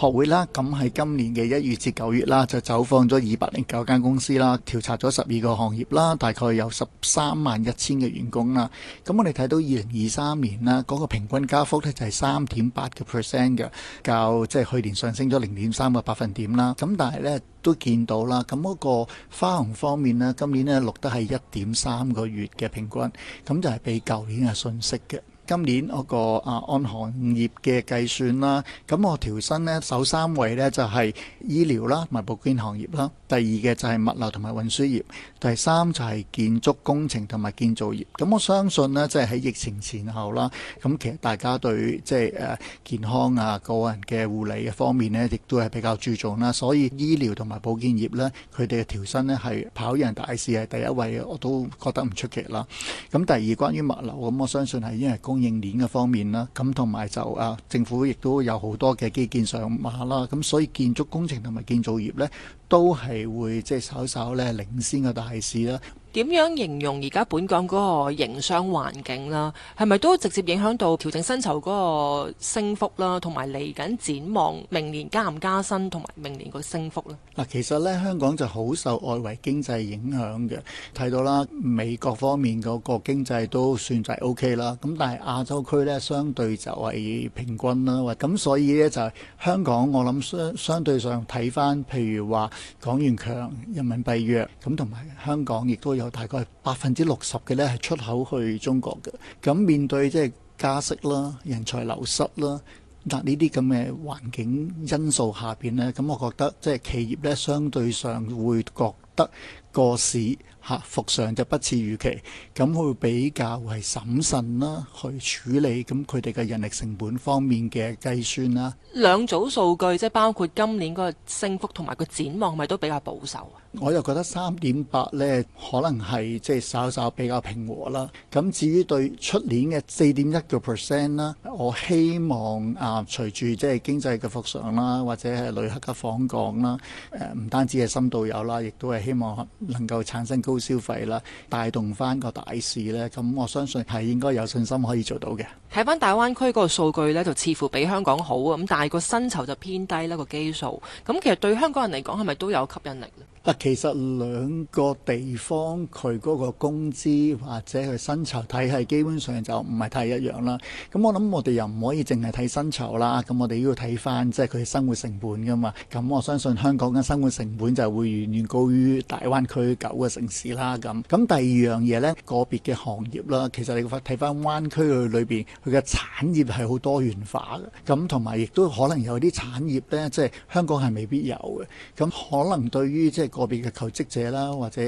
學會啦，咁喺今年嘅一月至九月啦，就走訪咗二百零九間公司啦，調查咗十二個行業啦，大概有十三萬一千嘅員工啦。咁我哋睇到二零二三年啦，嗰個平均加幅咧就係三點八嘅 percent 嘅，較即係去年上升咗零點三個百分點啦。咁但係咧都見到啦，咁嗰個花紅方面咧，今年咧錄得係一點三個月嘅平均，咁就係比舊年係遜色嘅。今年嗰個啊按行業嘅計算啦，咁我調薪咧首三位咧就係醫療啦同埋保健行業啦，第二嘅就係物流同埋運輸業，第三就係建築工程同埋建造業，咁我相信咧即係喺疫情前後啦，咁其實大家對即係誒健康啊個人嘅護理嘅方面咧，亦都係比較注重啦，所以醫療同埋保健業咧佢哋嘅調薪咧係跑贏大市係第一位，我都覺得唔出奇啦。咁第二關於物流，咁我相信係因為工供應鏈嘅方面啦，咁同埋就啊，政府亦都有好多嘅基建上馬啦，咁所以建築工程同埋建造業呢，都係會即係稍稍咧領先嘅大市啦。點樣形容而家本港嗰個營商環境啦？係咪都直接影響到調整薪酬嗰個升幅啦？同埋嚟緊展望明年加唔加薪，同埋明年個升幅呢？嗱，其實呢，香港就好受外圍經濟影響嘅。睇到啦，美國方面嗰個經濟都算就係 OK 啦。咁但係亞洲區呢，相對就係平均啦。咁所以呢，就係香港，我諗相相對上睇返，譬如話港元強，人民幣弱，咁同埋香港亦都有大概百分之六十嘅呢係出口去中國嘅，咁面對即係加息啦、人才流失啦，嗱呢啲咁嘅環境因素下邊呢，咁我覺得即係企業呢，相對上會覺得。個市客復常就不似預期，咁會比較係審慎啦，去處理咁佢哋嘅人力成本方面嘅計算啦。兩組數據即係包括今年嗰個升幅同埋個展望，係咪都比較保守？我又覺得三點八咧，可能係即係稍稍比較平和啦。咁至於對出年嘅四點一個 percent 啦，我希望啊，隨住即係經濟嘅復常啦，或者係旅客嘅訪港啦，誒唔單止係深度遊啦，亦都係希望。能夠產生高消費啦，帶動翻個大市呢。咁我相信係應該有信心可以做到嘅。睇翻大灣區嗰個數據咧，就似乎比香港好啊，咁但係個薪酬就偏低啦，個基數。咁其實對香港人嚟講係咪都有吸引力咧？其實兩個地方佢嗰個工資或者佢薪酬體系基本上就唔係太一樣啦。咁我諗我哋又唔可以淨係睇薪酬啦，咁我哋要睇翻即係佢生活成本噶嘛。咁我相信香港嘅生活成本就會遠遠高於大灣區。區九個城市啦，咁咁第二樣嘢咧，個別嘅行業啦，其實你發睇翻灣區佢裏邊佢嘅產業係好多元化嘅，咁同埋亦都可能有啲產業咧，即係香港係未必有嘅，咁可能對於即係個別嘅求職者啦，或者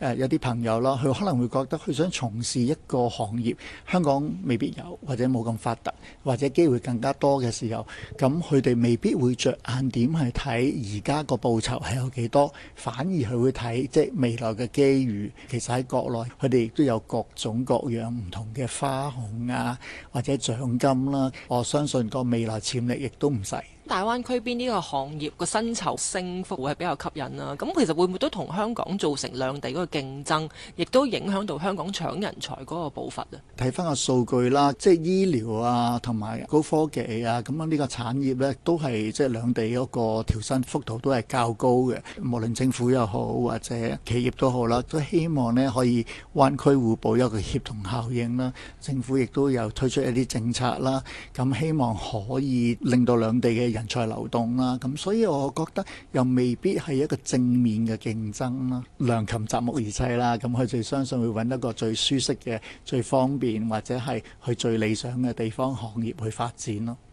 誒有啲朋友啦，佢可能會覺得佢想從事一個行業，香港未必有或者冇咁發達，或者機會更加多嘅時候，咁佢哋未必會着眼點去睇而家個報酬係有幾多，反而佢會睇。即未來嘅機遇其實喺國內，佢哋亦都有各種各樣唔同嘅花紅啊，或者獎金啦，啊。我相信個未來潛力亦都唔細。大灣區邊呢個行業個薪酬升幅會係比較吸引啦，啊，咁其實會唔會都同香港造成兩地嗰個競爭，亦都影響到香港搶人才嗰個步伐啊？睇翻個數據啦，即係醫療啊，同埋高科技啊，咁樣呢個產業呢，都係即係兩地嗰個調薪幅度都係較高嘅，無論政府又好或者企業都好啦，都希望呢可以灣區互補一個協同效應啦。政府亦都有推出一啲政策啦，咁希望可以令到兩地嘅人才流動啦，啊，咁所以我覺得又未必係一個正面嘅競爭啦，啊。良禽擇木而棲啦，啊，咁佢最相信會揾一個最舒適嘅、最方便或者係去最理想嘅地方、行業去發展咯，啊。